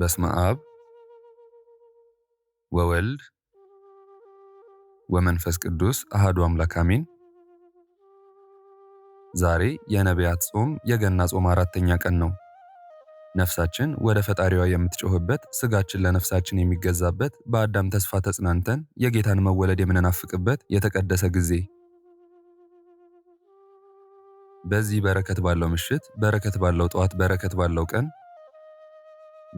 በስመ አብ ወወልድ ወመንፈስ ቅዱስ አህዱ አምላክ አሜን። ዛሬ የነቢያት ጾም የገና ጾም አራተኛ ቀን ነው። ነፍሳችን ወደ ፈጣሪዋ የምትጮህበት ስጋችን ለነፍሳችን የሚገዛበት በአዳም ተስፋ ተጽናንተን የጌታን መወለድ የምንናፍቅበት የተቀደሰ ጊዜ። በዚህ በረከት ባለው ምሽት፣ በረከት ባለው ጠዋት፣ በረከት ባለው ቀን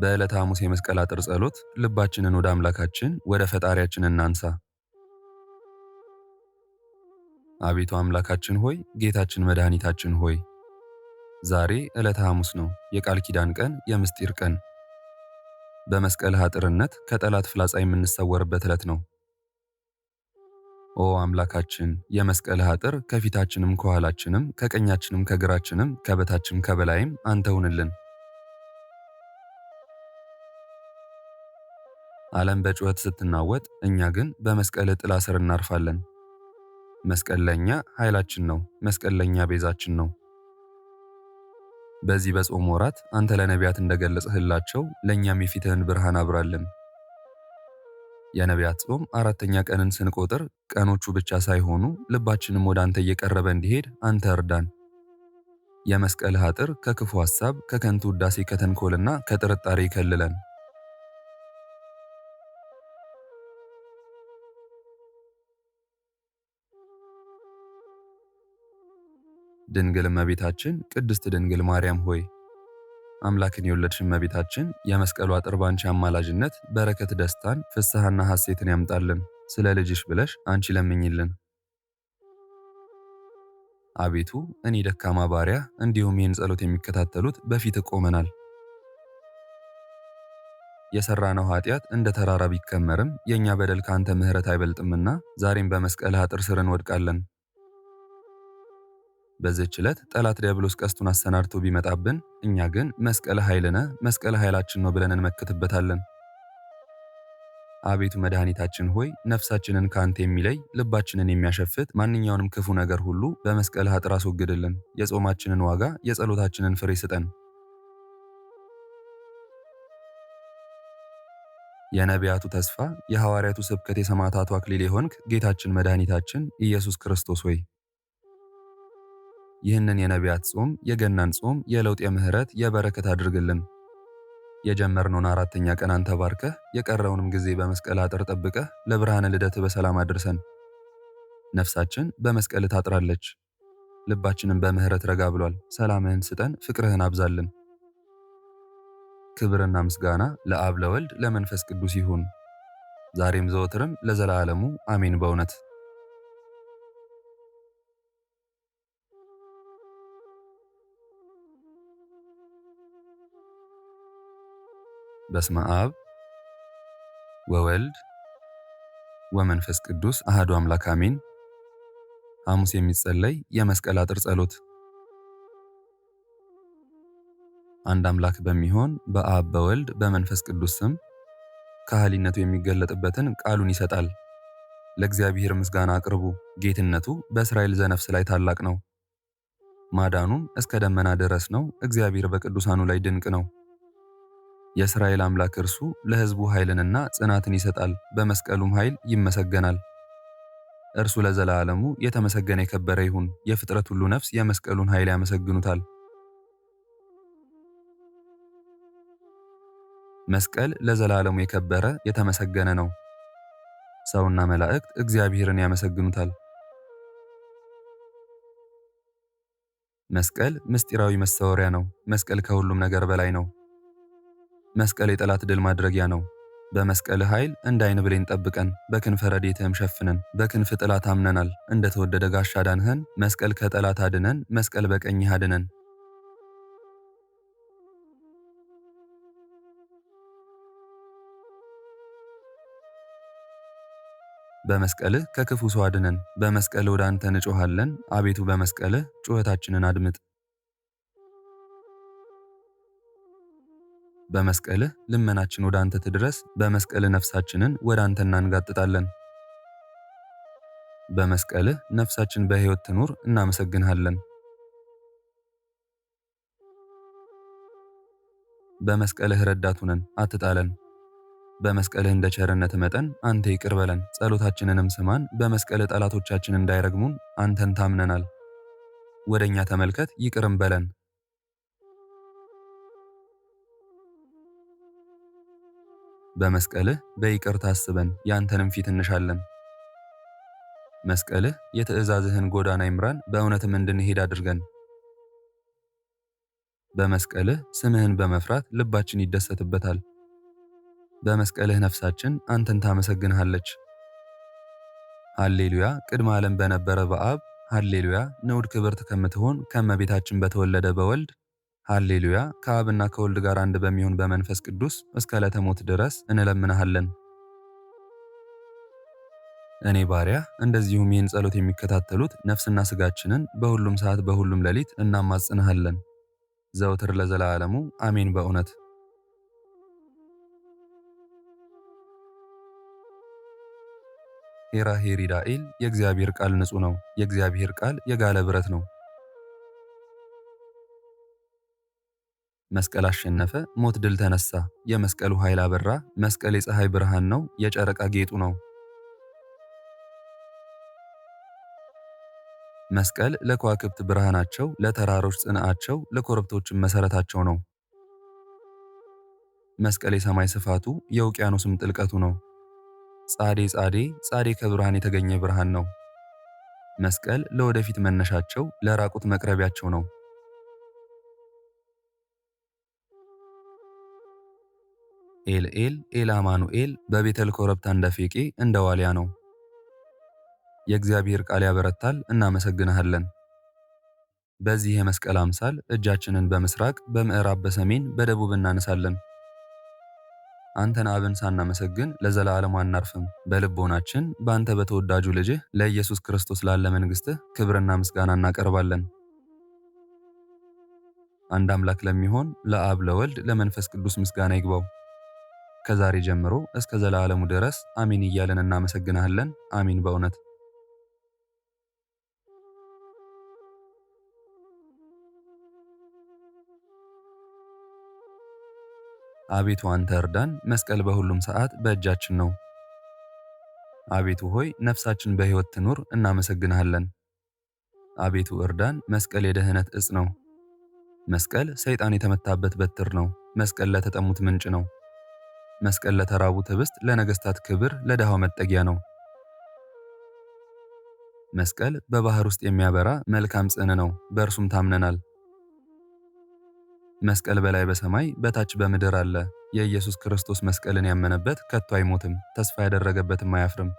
በዕለተ ሐሙስ የመስቀል አጥር ጸሎት ልባችንን ወደ አምላካችን ወደ ፈጣሪያችን እናንሳ። አቤቱ አምላካችን ሆይ ጌታችን መድኃኒታችን ሆይ ዛሬ ዕለተ ሐሙስ ነው፣ የቃል ኪዳን ቀን፣ የምስጢር ቀን። በመስቀል አጥርነት ከጠላት ፍላጻ የምንሰወርበት ዕለት ነው። ኦ አምላካችን የመስቀል አጥር ከፊታችንም ከኋላችንም ከቀኛችንም ከግራችንም ከበታችም ከበላይም አንተ ሁንልን። ዓለም በጩኸት ስትናወጥ፣ እኛ ግን በመስቀል ጥላ ስር እናርፋለን። መስቀል ለእኛ ኃይላችን ነው። መስቀል ለእኛ ቤዛችን ነው። በዚህ በጾም ወራት አንተ ለነቢያት እንደገለጽህላቸው ለእኛም የፊትህን ብርሃን አብራልን። የነቢያት ጾም አራተኛ ቀንን ስንቆጥር ቀኖቹ ብቻ ሳይሆኑ ልባችንም ወደ አንተ እየቀረበ እንዲሄድ አንተ እርዳን። የመስቀልህ አጥር ከክፉ ሐሳብ፣ ከከንቱ ውዳሴ፣ ከተንኮልና ከጥርጣሬ ይከልለን። ድንግል እመቤታችን ቅድስት ድንግል ማርያም ሆይ አምላክን የወለድሽ እመቤታችን የመስቀሉ አጥር ባንቺ አማላጅነት በረከት፣ ደስታን፣ ፍስሐና ሐሴትን ያምጣልን። ስለ ልጅሽ ብለሽ አንቺ ለምኝልን። አቤቱ እኔ ደካማ ባሪያ እንዲሁም ይህን ጸሎት የሚከታተሉት በፊት ቆመናል። የሰራነው ኃጢአት እንደ ተራራ ቢከመርም የእኛ በደል ከአንተ ምሕረት አይበልጥምና ዛሬም በመስቀልህ አጥር ስር እንወድቃለን። በዚህች ዕለት ጠላት ዲያብሎስ ቀስቱን አሰናድቶ ቢመጣብን እኛ ግን መስቀለ ኃይልነ መስቀለ ኃይላችን ነው ብለን እንመክትበታለን። አቤቱ መድኃኒታችን ሆይ ነፍሳችንን ከአንተ የሚለይ ልባችንን የሚያሸፍት ማንኛውንም ክፉ ነገር ሁሉ በመስቀል አጥር አስወግድልን። የጾማችንን ዋጋ የጸሎታችንን ፍሬ ስጠን። የነቢያቱ ተስፋ የሐዋርያቱ ስብከት የሰማዕታቱ አክሊል የሆንክ ጌታችን መድኃኒታችን ኢየሱስ ክርስቶስ ሆይ ይህንን የነቢያት ጾም፣ የገናን ጾም፣ የለውጥ የምህረት የበረከት አድርግልን። የጀመርነውን አራተኛ ቀን አንተ ባርከህ የቀረውንም ጊዜ በመስቀል አጥር ጠብቀህ ለብርሃነ ልደት በሰላም አድርሰን። ነፍሳችን በመስቀል ታጥራለች፣ ልባችንም በምህረት ረጋ ብሏል። ሰላምህን ስጠን፣ ፍቅርህን አብዛልን። ክብርና ምስጋና ለአብ ለወልድ ለመንፈስ ቅዱስ ይሁን ዛሬም ዘወትርም ለዘላለሙ አሜን። በእውነት በስመ አብ ወወልድ ወመንፈስ ቅዱስ አህዱ አምላክ አሜን። ሐሙስ የሚጸለይ የመስቀል አጥር ጸሎት። አንድ አምላክ በሚሆን በአብ በወልድ በመንፈስ ቅዱስ ስም ካህሊነቱ የሚገለጥበትን ቃሉን ይሰጣል። ለእግዚአብሔር ምስጋና አቅርቡ፣ ጌትነቱ በእስራኤል ዘነፍስ ላይ ታላቅ ነው፣ ማዳኑም እስከ ደመና ድረስ ነው። እግዚአብሔር በቅዱሳኑ ላይ ድንቅ ነው። የእስራኤል አምላክ እርሱ ለሕዝቡ ኃይልንና ጽናትን ይሰጣል፣ በመስቀሉም ኃይል ይመሰገናል። እርሱ ለዘላለሙ የተመሰገነ የከበረ ይሁን። የፍጥረት ሁሉ ነፍስ የመስቀሉን ኃይል ያመሰግኑታል። መስቀል ለዘላለሙ የከበረ የተመሰገነ ነው። ሰውና መላእክት እግዚአብሔርን ያመሰግኑታል። መስቀል ምስጢራዊ መሰወሪያ ነው። መስቀል ከሁሉም ነገር በላይ ነው። መስቀል የጠላት ድል ማድረጊያ ነው። በመስቀል ኃይል እንደ ዓይን ብሌን ጠብቀን በክንፈ ረድኤትህም ሸፍነን በክንፍ ጥላት አምነናል። እንደ ተወደደ ጋሻ ዳንህን መስቀል ከጠላት አድነን መስቀል በቀኝህ አድነን። በመስቀልህ ከክፉ ሰው አድነን። በመስቀል ወደ አንተ እንጮኻለን። አቤቱ በመስቀልህ ጩኸታችንን አድምጥ። በመስቀልህ ልመናችን ወደ አንተ ትድረስ፣ በመስቀልህ ነፍሳችንን ወደ አንተ እናንጋጥጣለን። በመስቀልህ ነፍሳችን በሕይወት ትኑር፣ እናመሰግንሃለን። በመስቀልህ ረዳት ሁነን አትጣለን። በመስቀልህ እንደ ቸርነት መጠን አንተ ይቅር በለን፣ ጸሎታችንንም ስማን። በመስቀልህ ጠላቶቻችን እንዳይረግሙን አንተን ታምነናል። ወደኛ ተመልከት፣ ይቅርም በለን በመስቀልህ በይቅር ታስበን ያንተንም ፊት እንሻለን። መስቀልህ የትእዛዝህን ጎዳና ይምራን፣ በእውነትም እንድንሄድ አድርገን። በመስቀልህ ስምህን በመፍራት ልባችን ይደሰትበታል። በመስቀልህ ነፍሳችን አንተን ታመሰግንሃለች። ሃሌሉያ ቅድመ ዓለም በነበረ በአብ ሃሌሉያ ንዑድ ክብርት ከምትሆን ከመቤታችን በተወለደ በወልድ ሃሌሉያ ከአብና ከወልድ ጋር አንድ በሚሆን በመንፈስ ቅዱስ እስከ ዕለተ ሞት ድረስ እንለምንሃለን። እኔ ባሪያ እንደዚሁም ይህን ጸሎት የሚከታተሉት ነፍስና ስጋችንን በሁሉም ሰዓት በሁሉም ሌሊት እናማጽንሃለን ዘውትር ለዘላለሙ አሜን። በእውነት ሄራ የእግዚአብሔር ቃል ንጹሕ ነው። የእግዚአብሔር ቃል የጋለ ብረት ነው መስቀል አሸነፈ፣ ሞት ድል ተነሳ፣ የመስቀሉ ኃይል አበራ። መስቀል የፀሐይ ብርሃን ነው፣ የጨረቃ ጌጡ ነው። መስቀል ለከዋክብት ብርሃናቸው፣ ለተራሮች ጽንዓቸው፣ ለኮረብቶችም መሠረታቸው ነው። መስቀል የሰማይ ስፋቱ የውቅያኖስም ጥልቀቱ ነው። ጻዴ ጻዴ ጻዴ ከብርሃን የተገኘ ብርሃን ነው። መስቀል ለወደፊት መነሻቸው፣ ለራቁት መቅረቢያቸው ነው። ኤልኤል ኤልአማኑኤል በቤተል ኮረብታ እንደ ፌቄ እንደ ዋሊያ ነው። የእግዚአብሔር ቃል ያበረታል። እናመሰግንሃለን። በዚህ የመስቀል አምሳል እጃችንን በምስራቅ በምዕራብ በሰሜን በደቡብ እናነሳለን። አንተን አብን ሳናመሰግን ለዘላለም አናርፍም። በልቦናችን በአንተ በተወዳጁ ልጅህ ለኢየሱስ ክርስቶስ ላለ መንግሥትህ ክብርና ምስጋና እናቀርባለን። አንድ አምላክ ለሚሆን ለአብ ለወልድ ለመንፈስ ቅዱስ ምስጋና ይግባው። ከዛሬ ጀምሮ እስከ ዘላለሙ ድረስ አሚን እያለን እናመሰግናለን። አሚን በእውነት አቤቱ አንተ እርዳን። መስቀል በሁሉም ሰዓት በእጃችን ነው። አቤቱ ሆይ ነፍሳችን በሕይወት ትኑር፣ እናመሰግንሃለን። አቤቱ እርዳን። መስቀል የደህነት እጽ ነው። መስቀል ሰይጣን የተመታበት በትር ነው። መስቀል ለተጠሙት ምንጭ ነው። መስቀል ለተራቡ ህብስት፣ ለነገስታት ክብር፣ ለድሃው መጠጊያ ነው። መስቀል በባህር ውስጥ የሚያበራ መልካም ጽን ነው፣ በእርሱም ታምነናል። መስቀል በላይ በሰማይ በታች በምድር አለ። የኢየሱስ ክርስቶስ መስቀልን ያመነበት ከቶ አይሞትም፣ ተስፋ ያደረገበትም አያፍርም።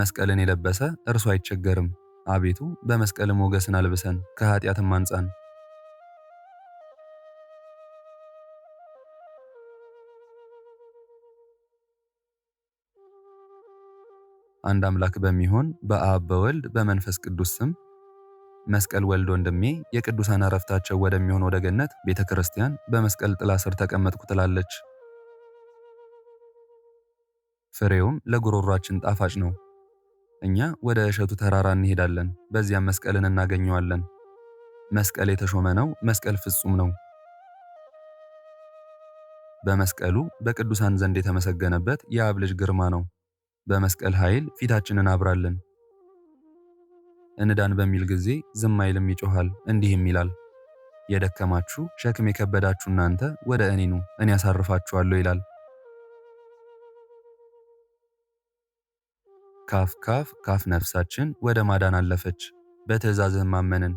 መስቀልን የለበሰ እርሱ አይቸገርም። አቤቱ በመስቀል ሞገስን አልብሰን ከኃጢአትም አንጻን። አንድ አምላክ በሚሆን በአብ በወልድ በመንፈስ ቅዱስ ስም መስቀል ወልድ ወንድሜ የቅዱሳን አረፍታቸው ወደሚሆን ወደ ገነት ቤተ ክርስቲያን በመስቀል ጥላ ስር ተቀመጥኩ ትላለች። ፍሬውም ለጉሮሯችን ጣፋጭ ነው። እኛ ወደ እሸቱ ተራራ እንሄዳለን፣ በዚያም መስቀልን እናገኘዋለን። መስቀል የተሾመ ነው። መስቀል ፍጹም ነው። በመስቀሉ በቅዱሳን ዘንድ የተመሰገነበት የአብ ልጅ ግርማ ነው። በመስቀል ኃይል ፊታችንን አብራለን። እንዳን በሚል ጊዜ ዝም አይልም፣ ይጮኻል፣ እንዲህም ይላል የደከማችሁ ሸክም የከበዳችሁ እናንተ ወደ እኔ ኑ፣ እኔ አሳርፋችኋለሁ ይላል። ካፍ ካፍ ካፍ ነፍሳችን ወደ ማዳን አለፈች፣ በትእዛዝህ ማመንን።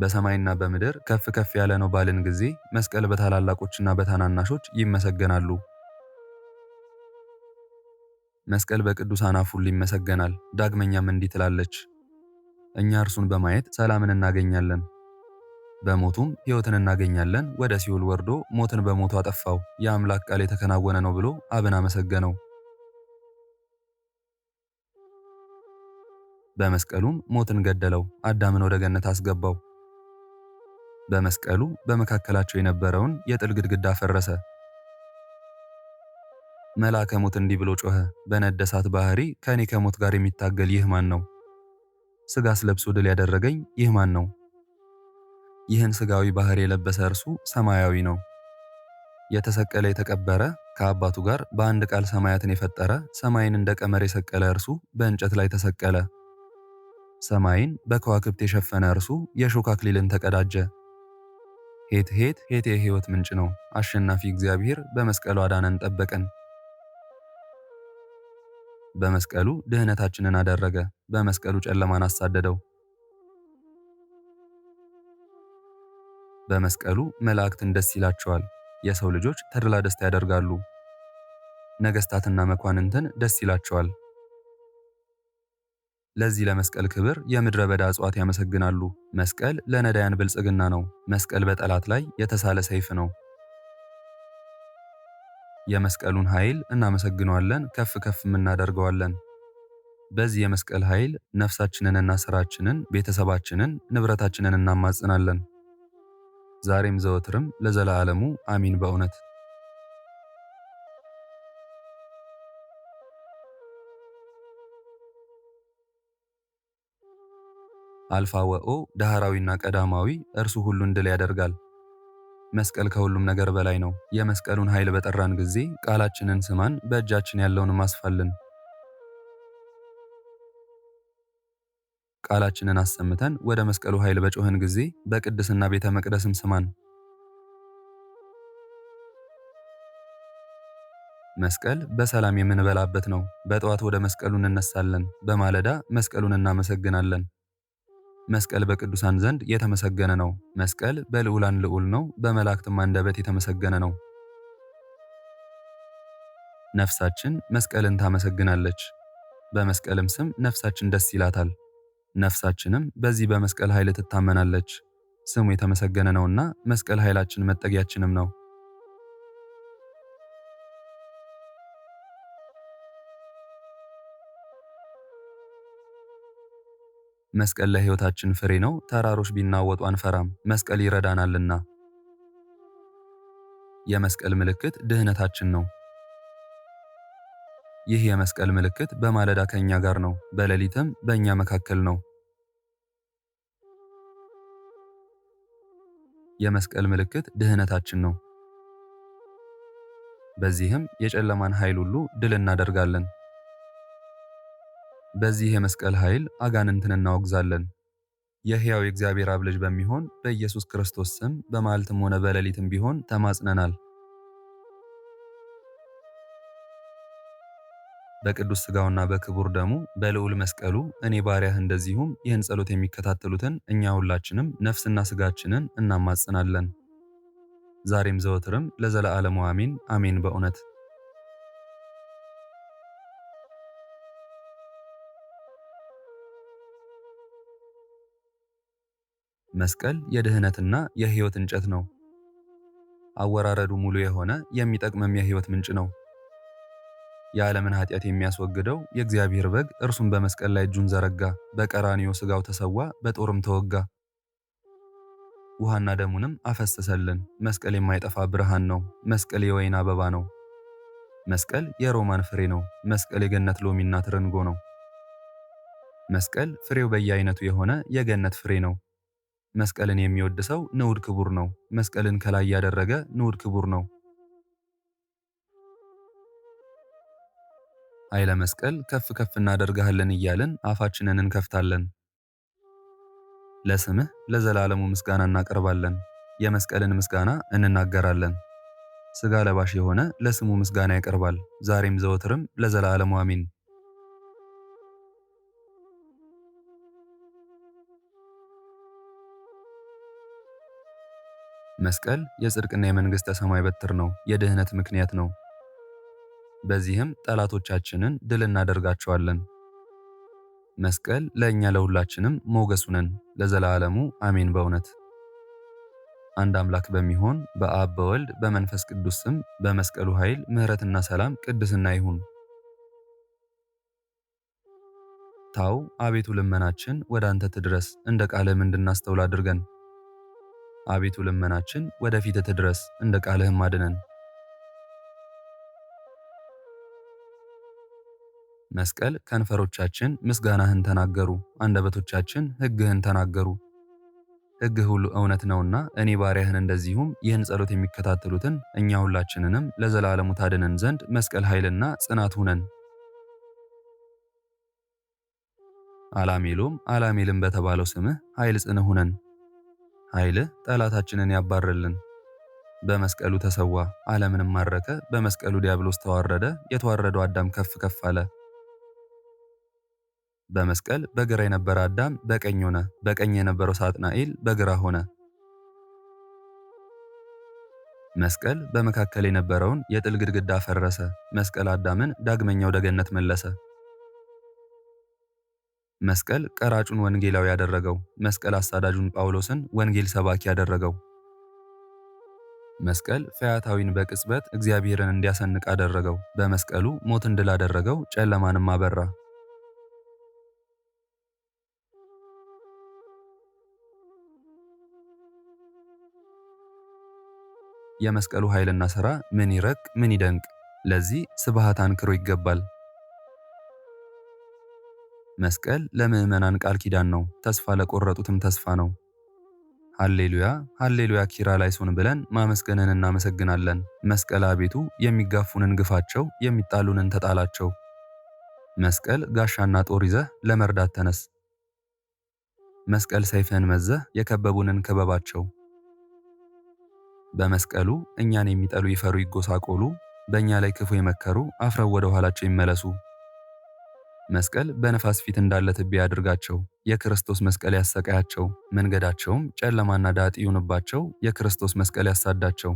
በሰማይና በምድር ከፍ ከፍ ያለ ነው ባልን ጊዜ መስቀል በታላላቆችና በታናናሾች ይመሰገናሉ። መስቀል በቅዱሳን አፍ ሁሉ ይመሰገናል። ዳግመኛም እንዲህ ትላለች፣ እኛ እርሱን በማየት ሰላምን እናገኛለን፣ በሞቱም ሕይወትን እናገኛለን። ወደ ሲኦል ወርዶ ሞትን በሞቱ አጠፋው፣ የአምላክ ቃል የተከናወነ ነው ብሎ አብን አመሰገነው። በመስቀሉም ሞትን ገደለው፣ አዳምን ወደ ገነት አስገባው። በመስቀሉ በመካከላቸው የነበረውን የጥል ግድግዳ ፈረሰ። መልአከ ሞት እንዲህ ብሎ ጮኸ፣ በነደሳት ባህሪ ከእኔ ከሞት ጋር የሚታገል ይህ ማን ነው? ሥጋስ ለብሶ ድል ያደረገኝ ይህ ማን ነው? ይህን ስጋዊ ባህር የለበሰ እርሱ ሰማያዊ ነው። የተሰቀለ የተቀበረ ከአባቱ ጋር በአንድ ቃል ሰማያትን የፈጠረ ሰማይን እንደ ቀመር የሰቀለ እርሱ በእንጨት ላይ ተሰቀለ። ሰማይን በከዋክብት የሸፈነ እርሱ የሾክ አክሊልን ተቀዳጀ። ሄት ሄት ሄት የሕይወት ምንጭ ነው። አሸናፊ እግዚአብሔር በመስቀሉ አዳነን፣ ጠበቀን። በመስቀሉ ድህነታችንን አደረገ። በመስቀሉ ጨለማን አሳደደው። በመስቀሉ መላእክትን ደስ ይላቸዋል። የሰው ልጆች ተድላ ደስታ ያደርጋሉ። ነገስታትና መኳንንትን ደስ ይላቸዋል። ለዚህ ለመስቀል ክብር የምድረ በዳ እጽዋት ያመሰግናሉ። መስቀል ለነዳያን ብልጽግና ነው። መስቀል በጠላት ላይ የተሳለ ሰይፍ ነው። የመስቀሉን ኃይል እናመሰግነዋለን፣ ከፍ ከፍም እናደርገዋለን። በዚህ የመስቀል ኃይል ነፍሳችንንና ሥራችንን፣ ቤተሰባችንን፣ ንብረታችንን እናማጽናለን። ዛሬም ዘወትርም ለዘላለሙ አሚን በእውነት አልፋ ወኦ ዳህራዊና ቀዳማዊ እርሱ ሁሉን ድል ያደርጋል። መስቀል ከሁሉም ነገር በላይ ነው። የመስቀሉን ኃይል በጠራን ጊዜ ቃላችንን ስማን፣ በእጃችን ያለውን አስፋልን። ቃላችንን አሰምተን ወደ መስቀሉ ኃይል በጮህን ጊዜ በቅድስና ቤተ መቅደስም ስማን። መስቀል በሰላም የምንበላበት ነው። በጠዋት ወደ መስቀሉ እንነሳለን፣ በማለዳ መስቀሉን እናመሰግናለን። መስቀል በቅዱሳን ዘንድ የተመሰገነ ነው። መስቀል በልዑላን ልዑል ነው፣ በመላእክትም አንደበት የተመሰገነ ነው። ነፍሳችን መስቀልን ታመሰግናለች፣ በመስቀልም ስም ነፍሳችን ደስ ይላታል። ነፍሳችንም በዚህ በመስቀል ኃይል ትታመናለች። ስሙ የተመሰገነ ነውና መስቀል ኃይላችን መጠጊያችንም ነው። መስቀል ለሕይወታችን ፍሬ ነው። ተራሮች ቢናወጡ አንፈራም፣ መስቀል ይረዳናልና። የመስቀል ምልክት ድህነታችን ነው። ይህ የመስቀል ምልክት በማለዳ ከእኛ ጋር ነው፣ በሌሊትም በእኛ መካከል ነው። የመስቀል ምልክት ድህነታችን ነው። በዚህም የጨለማን ኃይል ሁሉ ድል እናደርጋለን። በዚህ የመስቀል ኃይል አጋንንትን እናወግዛለን። የሕያው የእግዚአብሔር አብ ልጅ በሚሆን በኢየሱስ ክርስቶስ ስም በማልትም ሆነ በሌሊትም ቢሆን ተማጽነናል። በቅዱስ ሥጋውና በክቡር ደሙ በልዑል መስቀሉ እኔ ባሪያህ እንደዚሁም ይህን ጸሎት የሚከታተሉትን እኛ ሁላችንም ነፍስና ሥጋችንን እናማጽናለን። ዛሬም ዘወትርም ለዘለዓለሙ አሜን አሜን በእውነት መስቀል የድህነትና የህይወት እንጨት ነው። አወራረዱ ሙሉ የሆነ የሚጠቅምም የህይወት ምንጭ ነው። የዓለምን ኃጢአት የሚያስወግደው የእግዚአብሔር በግ እርሱን በመስቀል ላይ እጁን ዘረጋ፣ በቀራኒዮ ሥጋው ተሰዋ፣ በጦርም ተወጋ። ውሃና ደሙንም አፈሰሰልን። መስቀል የማይጠፋ ብርሃን ነው። መስቀል የወይን አበባ ነው። መስቀል የሮማን ፍሬ ነው። መስቀል የገነት ሎሚና ትርንጎ ነው። መስቀል ፍሬው በየአይነቱ የሆነ የገነት ፍሬ ነው። መስቀልን የሚወድ ሰው ንዑድ ክቡር ነው። መስቀልን ከላይ ያደረገ ንዑድ ክቡር ነው። ኃይለ መስቀል ከፍ ከፍ እናደርግሃለን እያልን አፋችንን እንከፍታለን። ለስምህ ለዘላለሙ ምስጋና እናቀርባለን። የመስቀልን ምስጋና እንናገራለን። ስጋ ለባሽ የሆነ ለስሙ ምስጋና ያቀርባል። ዛሬም ዘወትርም ለዘላለሙ አሚን። መስቀል የጽድቅና የመንግሥተ ሰማይ በትር ነው፣ የደህነት ምክንያት ነው። በዚህም ጠላቶቻችንን ድል እናደርጋቸዋለን። መስቀል ለእኛ ለሁላችንም ሞገሱ ነን፣ ለዘላለሙ አሜን። በእውነት አንድ አምላክ በሚሆን በአብ በወልድ በመንፈስ ቅዱስ ስም በመስቀሉ ኃይል ምሕረትና ሰላም ቅድስና ይሁን። ታው አቤቱ ልመናችን ወደ አንተ ትድረስ፣ እንደ ቃለ እንድናስተውል አድርገን አቤቱ ልመናችን ወደፊት ትድረስ፣ እንደ ቃልህም አድነን። መስቀል ከንፈሮቻችን ምስጋናህን ተናገሩ፣ አንደበቶቻችን ሕግህን ተናገሩ። ሕግህ ሁሉ እውነት ነውና እኔ ባሪያህን እንደዚሁም ይህን ጸሎት የሚከታተሉትን እኛ ሁላችንንም ለዘላለሙ ታድነን ዘንድ መስቀል ኃይልና ጽናት ሁነን። አላሜሎም አላሜልም በተባለው ስምህ ኃይል ጽንህ ሁነን። ኃይልህ ጠላታችንን ያባርልን። በመስቀሉ ተሰዋ፣ ዓለምንም ማረከ። በመስቀሉ ዲያብሎስ ተዋረደ፣ የተዋረደው አዳም ከፍ ከፍ አለ። በመስቀል በግራ የነበረ አዳም በቀኝ ሆነ፣ በቀኝ የነበረው ሳጥናኤል በግራ ሆነ። መስቀል በመካከል የነበረውን የጥል ግድግዳ ፈረሰ። መስቀል አዳምን ዳግመኛ ወደ ገነት መለሰ። መስቀል ቀራጩን ወንጌላዊ ያደረገው፣ መስቀል አሳዳጁን ጳውሎስን ወንጌል ሰባኪ ያደረገው። መስቀል ፈያታዊን በቅጽበት እግዚአብሔርን እንዲያሰንቅ አደረገው። በመስቀሉ ሞትን ድል አደረገው፣ ጨለማንም አበራ። የመስቀሉ ኃይልና ሥራ ምን ይረቅ ምን ይደንቅ! ለዚህ ስብሐት አንክሮ ይገባል። መስቀል ለምዕመናን ቃል ኪዳን ነው፣ ተስፋ ለቆረጡትም ተስፋ ነው። ሃሌሉያ ሃሌሉያ ኪራ ላይ ሱን ብለን ማመስገንን እናመሰግናለን። መስቀል አቤቱ የሚጋፉንን ግፋቸው፣ የሚጣሉንን ተጣላቸው። መስቀል ጋሻና ጦር ይዘህ ለመርዳት ተነስ። መስቀል ሰይፍህን መዘህ የከበቡንን ክበባቸው። በመስቀሉ እኛን የሚጠሉ ይፈሩ ይጎሳቆሉ፣ በእኛ ላይ ክፉ የመከሩ አፍረው ወደ ኋላቸው ይመለሱ። መስቀል በነፋስ ፊት እንዳለ ትቢያ ያድርጋቸው። የክርስቶስ መስቀል ያሰቃያቸው፣ መንገዳቸውም ጨለማና ዳጥ ይሁንባቸው። የክርስቶስ መስቀል ያሳዳቸው።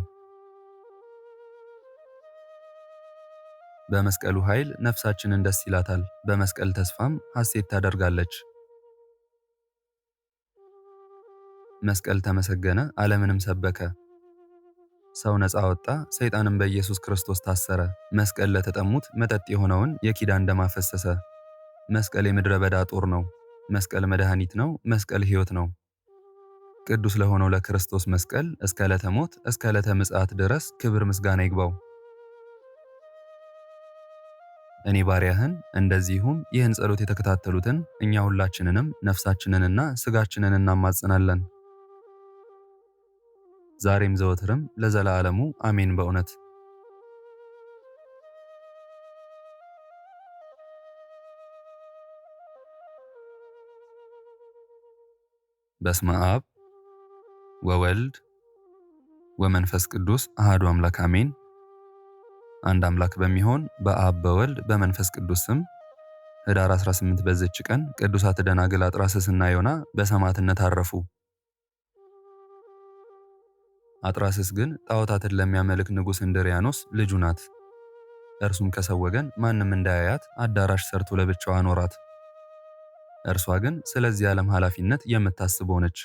በመስቀሉ ኃይል ነፍሳችንን ደስ ይላታል፣ በመስቀል ተስፋም ሐሴት ታደርጋለች። መስቀል ተመሰገነ፣ ዓለምንም ሰበከ። ሰው ነፃ ወጣ፣ ሰይጣንም በኢየሱስ ክርስቶስ ታሰረ። መስቀል ለተጠሙት መጠጥ የሆነውን የኪዳን ደም አፈሰሰ። መስቀል የምድረ በዳ ጦር ነው። መስቀል መድኃኒት ነው። መስቀል ሕይወት ነው። ቅዱስ ለሆነው ለክርስቶስ መስቀል እስከ ዕለተ ሞት እስከ ዕለተ ምጽአት ድረስ ክብር ምስጋና ይግባው። እኔ ባሪያህን እንደዚሁም ይህን ጸሎት የተከታተሉትን እኛ ሁላችንንም ነፍሳችንንና ስጋችንን እናማጽናለን። ዛሬም ዘወትርም ለዘላለሙ አሜን። በእውነት በስመ አብ ወወልድ ወመንፈስ ቅዱስ አህዱ አምላክ አሜን። አንድ አምላክ በሚሆን በአብ በወልድ በመንፈስ ቅዱስ ስም ህዳር 18 በዘች ቀን ቅዱሳት ደናግል አጥራስስና ዮና በሰማዕትነት አረፉ። አጥራስስ ግን ጣዖታትን ለሚያመልክ ንጉሥ እንድሪያኖስ ልጁ ናት። እርሱም ከሰው ወገን ማንም እንዳያያት አዳራሽ ሰርቶ ለብቻዋ አኖራት። እርሷ ግን ስለዚህ ዓለም ኃላፊነት የምታስብ ሆነች።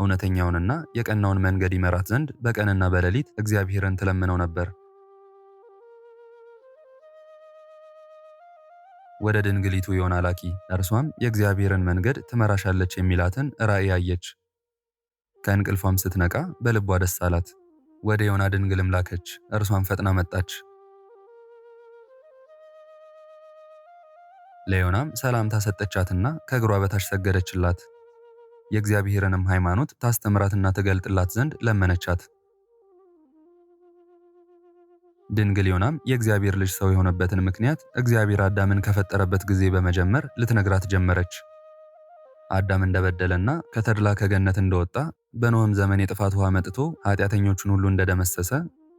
እውነተኛውንና የቀናውን መንገድ ይመራት ዘንድ በቀንና በሌሊት እግዚአብሔርን ትለምነው ነበር። ወደ ድንግሊቱ ዮና ላኪ፣ እርሷም የእግዚአብሔርን መንገድ ትመራሻለች የሚላትን ራእይ አየች። ከእንቅልፏም ስትነቃ በልቧ ደስ አላት። ወደ ዮና ድንግልም ላከች፣ እርሷም ፈጥና መጣች። ለዮናም ሰላምታ ሰጠቻትና ከእግሯ በታች ሰገደችላት። የእግዚአብሔርንም ሃይማኖት ታስተምራትና ትገልጥላት ዘንድ ለመነቻት። ድንግል ዮናም የእግዚአብሔር ልጅ ሰው የሆነበትን ምክንያት እግዚአብሔር አዳምን ከፈጠረበት ጊዜ በመጀመር ልትነግራት ጀመረች። አዳም እንደበደለና ከተድላ ከገነት እንደወጣ በኖህም ዘመን የጥፋት ውሃ መጥቶ ኃጢአተኞቹን ሁሉ እንደደመሰሰ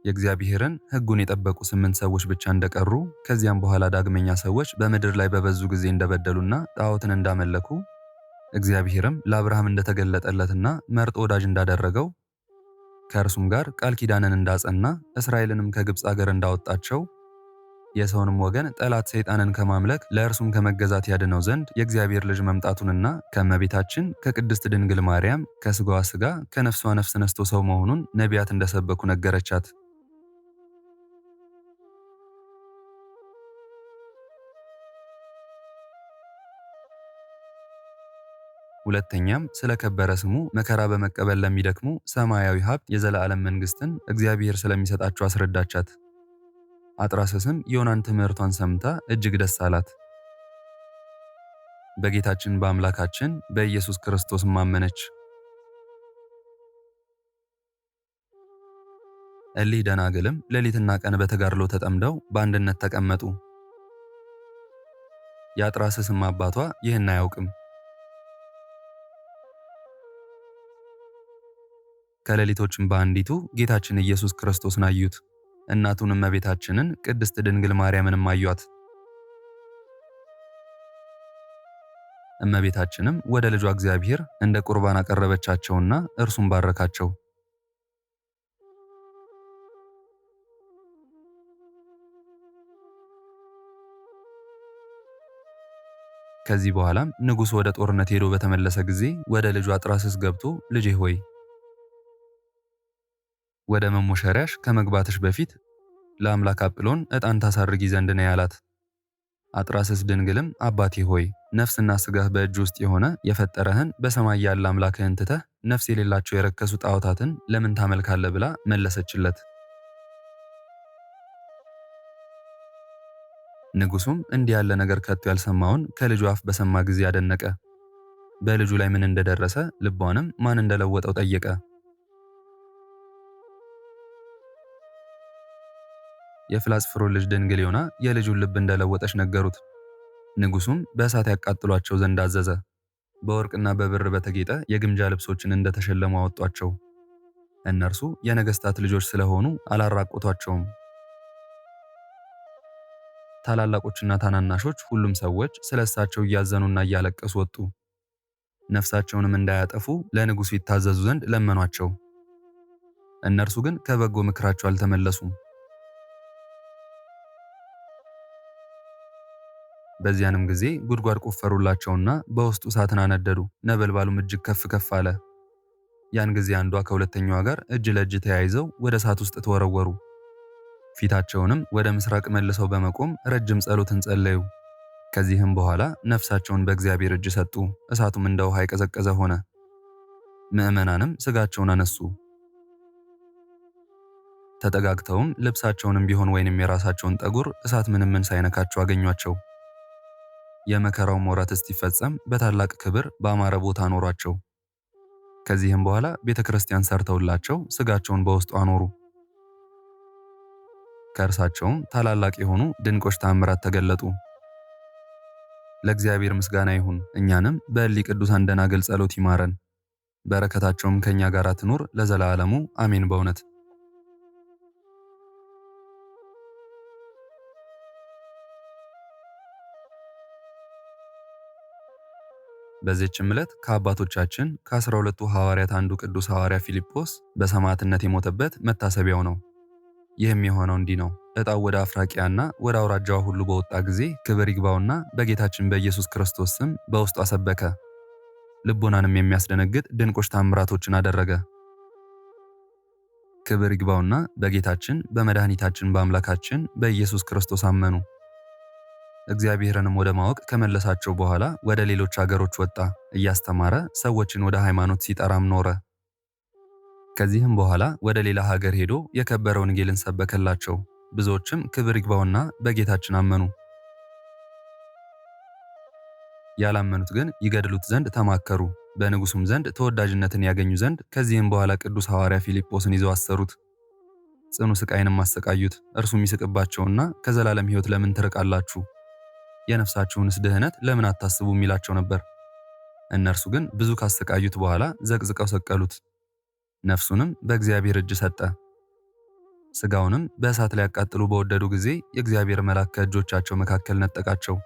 የእግዚአብሔርን ሕጉን የጠበቁ ስምንት ሰዎች ብቻ እንደቀሩ ከዚያም በኋላ ዳግመኛ ሰዎች በምድር ላይ በበዙ ጊዜ እንደበደሉና ጣዖትን እንዳመለኩ እግዚአብሔርም ለአብርሃም እንደተገለጠለትና መርጦ ወዳጅ እንዳደረገው ከእርሱም ጋር ቃል ኪዳንን እንዳጸና እስራኤልንም ከግብፅ አገር እንዳወጣቸው የሰውንም ወገን ጠላት ሰይጣንን ከማምለክ ለእርሱም ከመገዛት ያድነው ዘንድ የእግዚአብሔር ልጅ መምጣቱንና ከእመቤታችን ከቅድስት ድንግል ማርያም ከስጋዋ ስጋ ከነፍሷ ነፍስ ነስቶ ሰው መሆኑን ነቢያት እንደሰበኩ ነገረቻት። ሁለተኛም ስለ ከበረ ስሙ መከራ በመቀበል ለሚደክሙ ሰማያዊ ሀብት የዘላለም መንግስትን እግዚአብሔር ስለሚሰጣቸው አስረዳቻት። አጥራሰስም ዮናን ትምህርቷን ሰምታ እጅግ ደስ አላት። በጌታችን በአምላካችን በኢየሱስ ክርስቶስ ማመነች። እሊህ ደናግልም ሌሊትና ቀን በተጋድሎ ተጠምደው በአንድነት ተቀመጡ። የአጥራሰስም አባቷ ይህን አያውቅም። ከሌሊቶችም በአንዲቱ ጌታችን ኢየሱስ ክርስቶስን አዩት። እናቱን እመቤታችንን ቅድስት ድንግል ማርያምንም አዩት። እመቤታችንም ወደ ልጇ እግዚአብሔር እንደ ቁርባን አቀረበቻቸውና እርሱን ባረካቸው። ከዚህ በኋላም ንጉሥ ወደ ጦርነት ሄዶ በተመለሰ ጊዜ ወደ ልጇ ጥራስስ ገብቶ ልጄ ሆይ ወደ መሞሸሪያሽ ከመግባትሽ በፊት ለአምላክ አጵሎን ዕጣን ታሳርጊ ዘንድ ነው ያላት። አጥራስስ ድንግልም አባቴ ሆይ ነፍስና ስጋህ በእጅ ውስጥ የሆነ የፈጠረህን በሰማይ ያለ አምላክህን ትተህ ነፍስ የሌላቸው የረከሱ ጣዖታትን ለምን ታመልካለህ? ብላ መለሰችለት። ንጉሱም እንዲህ ያለ ነገር ከቶ ያልሰማውን ከልጁ አፍ በሰማ ጊዜ አደነቀ። በልጁ ላይ ምን እንደደረሰ ልቧንም ማን እንደለወጠው ጠየቀ። የፍላስፍሮ ልጅ ድንግል ዮና የልጁን ልብ እንደለወጠች ነገሩት። ንጉሱም በእሳት ያቃጥሏቸው ዘንድ አዘዘ። በወርቅና በብር በተጌጠ የግምጃ ልብሶችን እንደተሸለሙ አወጧቸው። እነርሱ የነገስታት ልጆች ስለሆኑ አላራቆቷቸውም። ታላላቆችና ታናናሾች ሁሉም ሰዎች ስለ እሳቸው እያዘኑና እያለቀሱ ወጡ። ነፍሳቸውንም እንዳያጠፉ ለንጉሱ ይታዘዙ ዘንድ ለመኗቸው። እነርሱ ግን ከበጎ ምክራቸው አልተመለሱም። በዚያንም ጊዜ ጉድጓድ ቆፈሩላቸውና በውስጡ እሳትን አነደዱ። ነበልባሉም እጅግ ከፍ ከፍ አለ። ያን ጊዜ አንዷ ከሁለተኛዋ ጋር እጅ ለእጅ ተያይዘው ወደ እሳት ውስጥ ተወረወሩ። ፊታቸውንም ወደ ምስራቅ መልሰው በመቆም ረጅም ጸሎትን ጸለዩ። ከዚህም በኋላ ነፍሳቸውን በእግዚአብሔር እጅ ሰጡ። እሳቱም እንደ ውሃ የቀዘቀዘ ሆነ። ምዕመናንም ስጋቸውን አነሱ። ተጠጋግተውም ልብሳቸውንም ቢሆን ወይንም የራሳቸውን ጠጉር እሳት ምንምን ምን ሳይነካቸው አገኟቸው። የመከራውን ወራት እስቲፈጸም በታላቅ ክብር በአማረ ቦታ አኖሯቸው። ከዚህም በኋላ ቤተ ክርስቲያን ሰርተውላቸው ስጋቸውን በውስጡ አኖሩ። ከእርሳቸውም ታላላቅ የሆኑ ድንቆች ታምራት ተገለጡ። ለእግዚአብሔር ምስጋና ይሁን፣ እኛንም በእሊ ቅዱሳን ደናግል ጸሎት ይማረን፣ በረከታቸውም ከእኛ ጋር ትኑር ለዘላለሙ አሜን። በእውነት በዚህችም ዕለት ከአባቶቻችን ከአስራ ሁለቱ ሐዋርያት አንዱ ቅዱስ ሐዋርያ ፊልጶስ በሰማዕትነት የሞተበት መታሰቢያው ነው። ይህም የሆነው እንዲህ ነው። ዕጣው ወደ አፍራቂያና ወደ አውራጃዋ ሁሉ በወጣ ጊዜ ክብር ይግባውና በጌታችን በኢየሱስ ክርስቶስ ስም በውስጡ አሰበከ። ልቦናንም የሚያስደነግጥ ድንቆች ታምራቶችን አደረገ። ክብር ይግባውና በጌታችን በመድኃኒታችን በአምላካችን በኢየሱስ ክርስቶስ አመኑ። እግዚአብሔርንም ወደ ማወቅ ከመለሳቸው በኋላ ወደ ሌሎች አገሮች ወጣ፣ እያስተማረ ሰዎችን ወደ ሃይማኖት ሲጠራም ኖረ። ከዚህም በኋላ ወደ ሌላ ሀገር ሄዶ የከበረ ወንጌልን ሰበከላቸው። ብዙዎችም ክብር ይግባውና በጌታችን አመኑ። ያላመኑት ግን ይገድሉት ዘንድ ተማከሩ። በንጉሱም ዘንድ ተወዳጅነትን ያገኙ ዘንድ ከዚህም በኋላ ቅዱስ ሐዋርያ ፊልጶስን ይዘው አሰሩት። ጽኑ ስቃይንም አሰቃዩት። እርሱም ይስቅባቸውና ከዘላለም ሕይወት ለምን ትርቃላችሁ? የነፍሳችሁንስ ድህነት ለምን አታስቡ የሚላቸው ነበር። እነርሱ ግን ብዙ ካሰቃዩት በኋላ ዘቅዝቀው ሰቀሉት። ነፍሱንም በእግዚአብሔር እጅ ሰጠ። ሥጋውንም በእሳት ሊያቃጥሉ በወደዱ ጊዜ የእግዚአብሔር መልአክ ከእጆቻቸው መካከል ነጠቃቸው።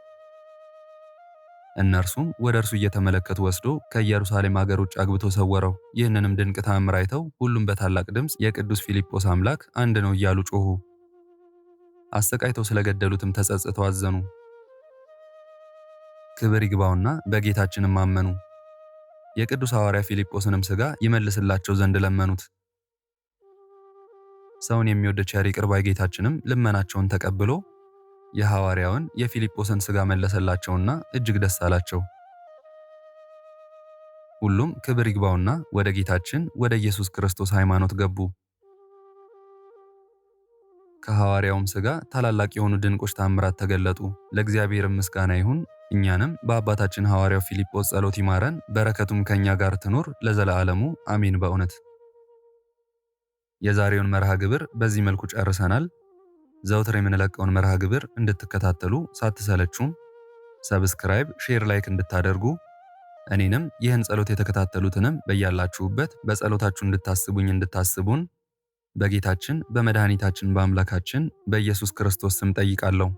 እነርሱም ወደ እርሱ እየተመለከቱ ወስዶ ከኢየሩሳሌም አገር ውጭ አግብቶ ሰወረው። ይህንንም ድንቅ ተአምር አይተው ሁሉም በታላቅ ድምፅ የቅዱስ ፊልጶስ አምላክ አንድ ነው እያሉ ጮኹ። አሰቃይተው ስለገደሉትም ተጸጽተው አዘኑ። ክብር ይግባውና በጌታችንም አመኑ። የቅዱስ ሐዋርያ ፊልጶስንም ሥጋ ይመልስላቸው ዘንድ ለመኑት። ሰውን የሚወድ ቸር ይቅር ባይ ጌታችንም ልመናቸውን ተቀብሎ የሐዋርያውን የፊልጶስን ሥጋ መለሰላቸውና እጅግ ደስ አላቸው። ሁሉም ክብር ይግባውና ወደ ጌታችን ወደ ኢየሱስ ክርስቶስ ሃይማኖት ገቡ። ከሐዋርያውም ሥጋ ታላላቅ የሆኑ ድንቆች ታምራት ተገለጡ። ለእግዚአብሔር ምስጋና ይሁን። እኛንም በአባታችን ሐዋርያው ፊልጶስ ጸሎት ይማረን፣ በረከቱም ከእኛ ጋር ትኖር ለዘላለሙ አሜን። በእውነት የዛሬውን መርሃ ግብር በዚህ መልኩ ጨርሰናል። ዘውትር የምንለቀውን መርሃ ግብር እንድትከታተሉ ሳትሰለችሁም ሰብስክራይብ፣ ሼር፣ ላይክ እንድታደርጉ እኔንም ይህን ጸሎት የተከታተሉትንም በያላችሁበት በጸሎታችሁ እንድታስቡኝ እንድታስቡን በጌታችን በመድኃኒታችን በአምላካችን በኢየሱስ ክርስቶስ ስም ጠይቃለሁ።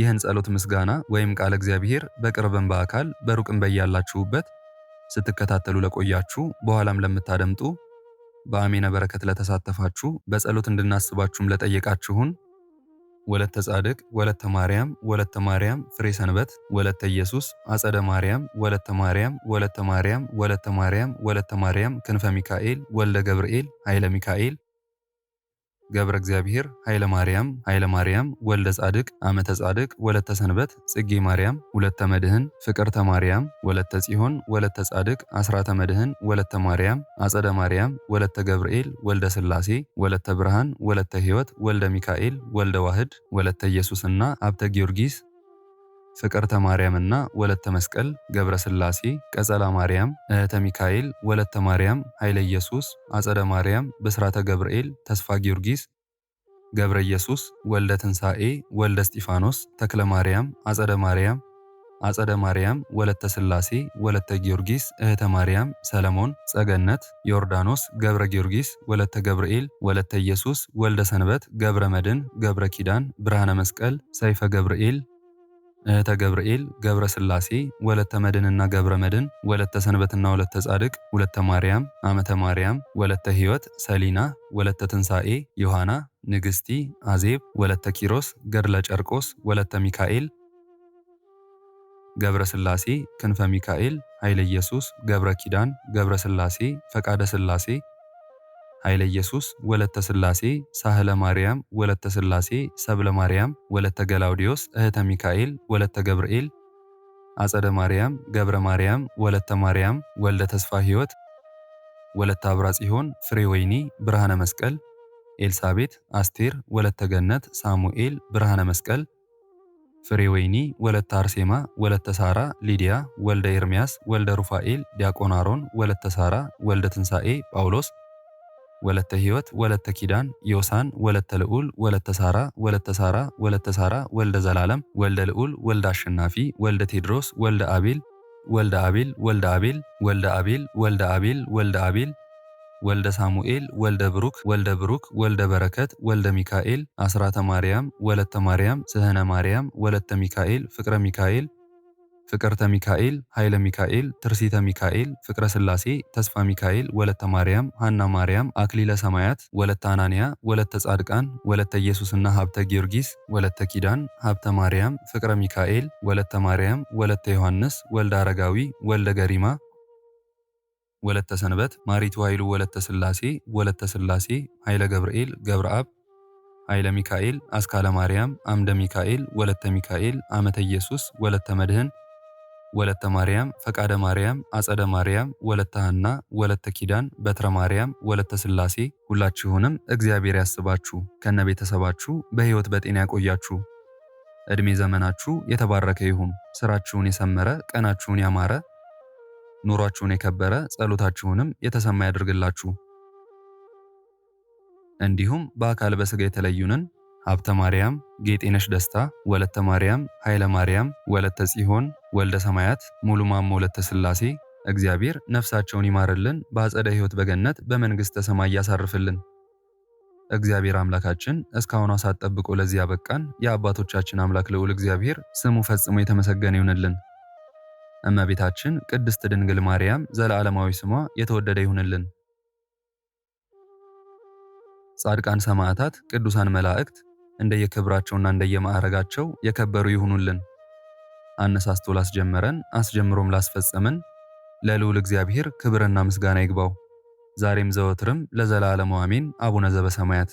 ይህን ጸሎት ምስጋና ወይም ቃለ እግዚአብሔር በቅርብም በአካል በሩቅም በያላችሁበት ስትከታተሉ ለቆያችሁ በኋላም ለምታደምጡ በአሜነ በረከት ለተሳተፋችሁ በጸሎት እንድናስባችሁም ለጠየቃችሁን ወለተ ጻድቅ ወለተ ማርያም ወለተ ማርያም ፍሬ ሰንበት ወለተ ኢየሱስ አጸደ ማርያም ወለተ ማርያም ወለተ ማርያም ወለተ ማርያም ወለተ ማርያም ክንፈ ሚካኤል ወልደ ገብርኤል ኃይለ ሚካኤል ገብረ እግዚአብሔር ኃይለ ማርያም ኃይለ ማርያም ወልደ ጻድቅ አመተ ጻድቅ ወለተ ሰንበት ጽጌ ማርያም ሁለተ መድህን ፍቅርተ ማርያም ወለተ ጽዮን ወለተ ጻድቅ አስራተ መድህን ወለተ ማርያም አጸደ ማርያም ወለተ ገብርኤል ወልደ ስላሴ ወለተ ብርሃን ወለተ ሕይወት ወልደ ሚካኤል ወልደ ዋህድ ወለተ ኢየሱስና አብተ ጊዮርጊስ ፍቅርተ ማርያምና ወለተ መስቀል ገብረ ሥላሴ፣ ቀጸላ ማርያም፣ እህተ ሚካኤል፣ ወለተ ማርያም፣ ኃይለ ኢየሱስ፣ አጸደ ማርያም፣ ብስራተ ገብርኤል፣ ተስፋ ጊዮርጊስ፣ ገብረ ኢየሱስ፣ ወልደ ትንሣኤ፣ ወልደ እስጢፋኖስ፣ ተክለ ማርያም፣ አጸደ ማርያም፣ አጸደ ማርያም፣ ወለተ ስላሴ ወለተ ጊዮርጊስ፣ እህተ ማርያም፣ ሰለሞን፣ ጸገነት፣ ዮርዳኖስ፣ ገብረ ጊዮርጊስ፣ ወለተ ገብርኤል፣ ወለተ ኢየሱስ፣ ወልደ ሰንበት፣ ገብረ መድን፣ ገብረ ኪዳን፣ ብርሃነ መስቀል፣ ሰይፈ ገብርኤል፣ እህተ ገብርኤል፣ ገብረ ሥላሴ፣ ወለተ መድንና ገብረ መድን፣ ወለተ ሰንበትና ወለተ ጻድቅ፣ ሁለተ ማርያም፣ አመተ ማርያም፣ ወለተ ሕይወት፣ ሰሊና፣ ወለተ ትንሣኤ፣ ዮሐና፣ ንግሥቲ፣ አዜብ፣ ወለተ ኪሮስ፣ ገድለ ጨርቆስ፣ ወለተ ሚካኤል፣ ገብረ ስላሴ፣ ክንፈ ሚካኤል፣ ኃይለ ኢየሱስ፣ ገብረ ኪዳን፣ ገብረ ስላሴ፣ ፈቃደ ስላሴ! ኃይለ ኢየሱስ ወለተ ሥላሴ፣ ሳህለ ማርያም ወለተ ስላሴ ሰብለ ማርያም ወለተ ገላውዲዮስ፣ እህተ ሚካኤል ወለተ ገብርኤል፣ አጸደ ማርያም ገብረ ማርያም ወለተ ማርያም፣ ወልደ ተስፋ ሕይወት ወለተ አብራ ጽዮን፣ ፍሬ ወይኒ፣ ብርሃነ መስቀል፣ ኤልሳቤት፣ አስቴር ወለተ ገነት፣ ሳሙኤል፣ ብርሃነ መስቀል፣ ፍሬ ወይኒ፣ ወለተ አርሴማ፣ ወለተ ሳራ፣ ሊዲያ፣ ወልደ ኤርሚያስ፣ ወልደ ሩፋኤል፣ ዲያቆን አሮን፣ ወለተ ሳራ፣ ወልደ ትንሣኤ፣ ጳውሎስ ወለተ ህይወት ወለተ ኪዳን ዮሳን ወለተ ልዑል ወለተ ሳራ ወለተ ሳራ ወለተ ሳራ ወልደ ዘላለም ወልደ ልዑል ወልደ አሸናፊ ወልደ ቴድሮስ ወልደ አቤል ወልደ አቤል ወልደ አቤል ወልደ አቤል ወልደ አቤል ወልደ አቤል ወልደ ሳሙኤል ወልደ ብሩክ ወልደ ብሩክ ወልደ በረከት ወልደ ሚካኤል አስራተ ማርያም ወለተ ማርያም ስህነ ማርያም ወለተ ሚካኤል ፍቅረ ሚካኤል ፍቅርተ ሚካኤል፣ ኃይለ ሚካኤል፣ ትርሲተ ሚካኤል፣ ፍቅረ ሥላሴ፣ ተስፋ ሚካኤል፣ ወለተ ማርያም፣ ሃና ማርያም፣ አክሊለ ሰማያት፣ ወለተ አናንያ፣ ወለተ ጻድቃን፣ ወለተ ኢየሱስና ሀብተ ጊዮርጊስ፣ ወለተ ኪዳን፣ ሀብተ ማርያም፣ ፍቅረ ሚካኤል፣ ወለተ ማርያም፣ ወለተ ዮሐንስ፣ ወልደ አረጋዊ፣ ወልደ ገሪማ፣ ወለተ ሰንበት፣ ማሪቱ ኃይሉ፣ ወለተ ስላሴ ወለተ ስላሴ ኃይለ ገብርኤል፣ ገብረአብ ኃይለ ሚካኤል፣ አስካለ ማርያም፣ አምደ ሚካኤል፣ ወለተ ሚካኤል፣ አመተ ኢየሱስ፣ ወለተ መድህን ወለተ ማርያም፣ ፈቃደ ማርያም፣ አጸደ ማርያም፣ ወለተ ሐና፣ ወለተ ኪዳን፣ በትረ ማርያም፣ ወለተ ስላሴ ሁላችሁንም እግዚአብሔር ያስባችሁ ከነ ቤተሰባችሁ በሕይወት በጤና ያቆያችሁ። እድሜ ዘመናችሁ የተባረከ ይሁን። ስራችሁን የሰመረ፣ ቀናችሁን ያማረ፣ ኑሯችሁን የከበረ፣ ጸሎታችሁንም የተሰማ ያደርግላችሁ። እንዲሁም በአካል በስጋ የተለዩንን ሀብተ ማርያም፣ ጌጤነሽ ደስታ፣ ወለተ ማርያም፣ ኃይለ ማርያም፣ ወለተ ጽዮን ወልደ ሰማያት ሙሉ ማሞ ለተ ስላሴ እግዚአብሔር ነፍሳቸውን ይማርልን፣ በአጸደ ሕይወት በገነት በመንግሥተ ሰማይ ያሳርፍልን። እግዚአብሔር አምላካችን እስካሁኗ ሰዓት ጠብቆ ለዚህ ያበቃን የአባቶቻችን አምላክ ልዑል እግዚአብሔር ስሙ ፈጽሞ የተመሰገነ ይሁንልን። እመቤታችን ቅድስት ድንግል ማርያም ዘለዓለማዊ ስሟ የተወደደ ይሁንልን። ጻድቃን ሰማዕታት፣ ቅዱሳን መላእክት እንደየክብራቸውና እንደየማዕረጋቸው የከበሩ ይሁኑልን። አነሳስቶ ላስጀመረን አስጀምሮም ላስፈጸመን ለልዑል እግዚአብሔር ክብርና ምስጋና ይግባው ዛሬም ዘወትርም ለዘላለሙ አሜን። አቡነ ዘበሰማያት